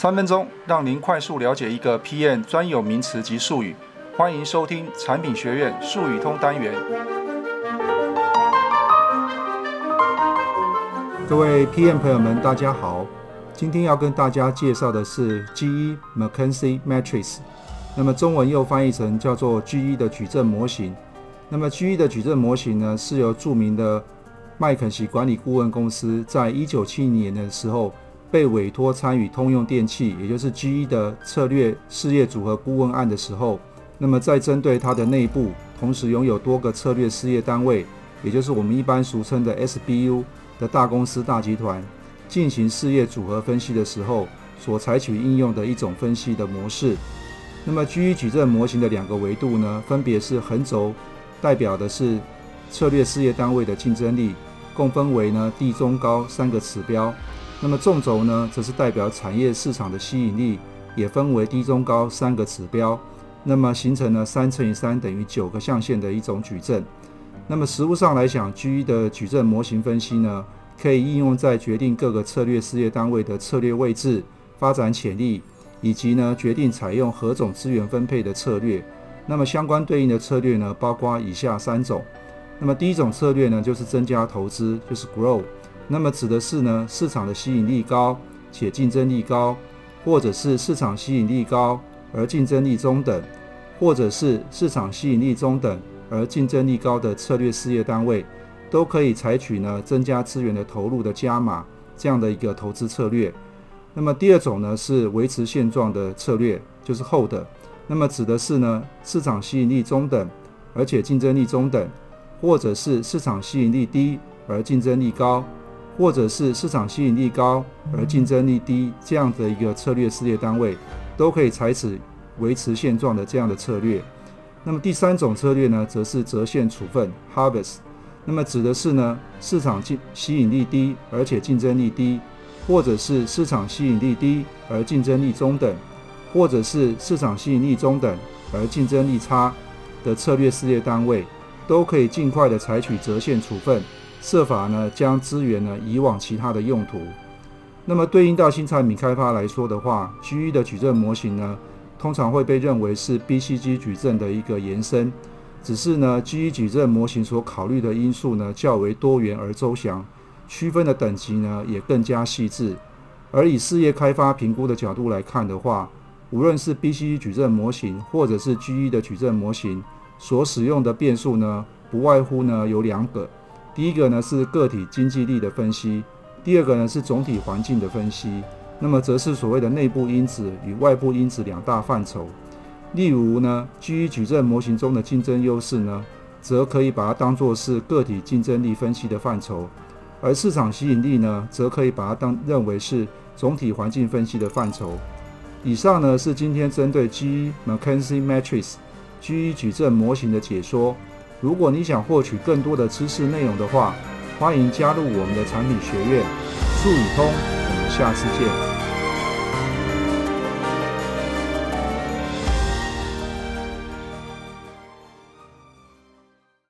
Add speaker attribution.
Speaker 1: 三分鐘讓您快速了解一個 PM 專有名詞及術語，歡迎收聽產品學院術語通單元。各位 PM 朋友們，大家好，今天要跟大家介紹的是 GE McKinsey Matrix，那麼中文又翻譯成叫做 GE 的矩陣模型。那麼 GE 的矩陣模型呢，是由著名的麥肯錫管理顧問公司在一九七零年的時候，被委托參與通用電氣，也就是 GE 的策略事業組合顧問案的時候，那麼在針對它的內部同時擁有多個策略事業單位，也就是我們一般俗稱的 SBU 的大公司大集團進行事業組合分析的時候，所採取應用的一種分析的模式。那麼 GE 矩陣模型的兩個維度呢，分別是橫軸代表的是策略事業單位的競爭力，共分為呢低中高三個指標。那麼縱軸呢，則是代表產業市場的吸引力，也分為低、中、高三個指標。那麼形成了三乘以三等於九個象限的一種矩陣。那麼實務上來講，GE 的矩陣模型分析呢，可以應用在決定各個策略事業單位的策略位置、發展潛力，以及呢，決定採用何種資源分配的策略。那麼相關對應的策略呢，包括以下三種。那麼第一種策略呢，就是增加投資，就是 grow。那麼指的是呢，市場的吸引力高且競爭力高，或者是市場吸引力高而競爭力中等，或者是市場吸引力中等而競爭力高的策略事業單位，都可以採取呢，增加資源的投入的加碼這樣的一個投資策略。那麼第二種呢是維持現狀的策略，就是 Hold。那麼指的是呢，市場吸引力中等而且競爭力中等，或者是市場吸引力低而競爭力高。或者是市場吸引力高而競爭力低，這樣的一個策略事業單位，都可以採取維持現狀的這樣的策略。那麼第三種策略呢，則是折現處分 （harvest）。那麼指的是呢，市場競吸引力低而且競爭力低，或者是市場吸引力低而競爭力中等，或者是市場吸引力中等而競爭力差的策略事業單位，都可以盡快地採取折現處分。設法呢，將資源呢移往其他的用途。那麼對應到新產品開發來說的話，GE 的矩陣模型呢，通常會被認為是 BCG 矩陣的一個延伸。只是呢，GE 矩陣模型所考慮的因素呢較為多元而周詳，區分的等級呢也更加細緻。而以事業開發評估的角度來看的話，無論是 BCG 矩陣模型或者是 GE 的矩陣模型所使用的變數呢，不外乎呢有兩個。第一個呢是個體經濟力的分析，第二個呢是總體環境的分析，那麼則是所謂的內部因子與外部因子兩大範疇。例如呢，GE 矩陣模型中的競爭優勢呢，則可以把它當做是個體競爭力分析的範疇，而市場吸引力呢，則可以把它當認為是總體環境分析的範疇。以上呢是今天針對 GE McKinsey Matrix GE 矩陣模型的解說。如果你想獲取更多的知識內容的話，歡迎加入我們的產品學院——數理通。我們下次見。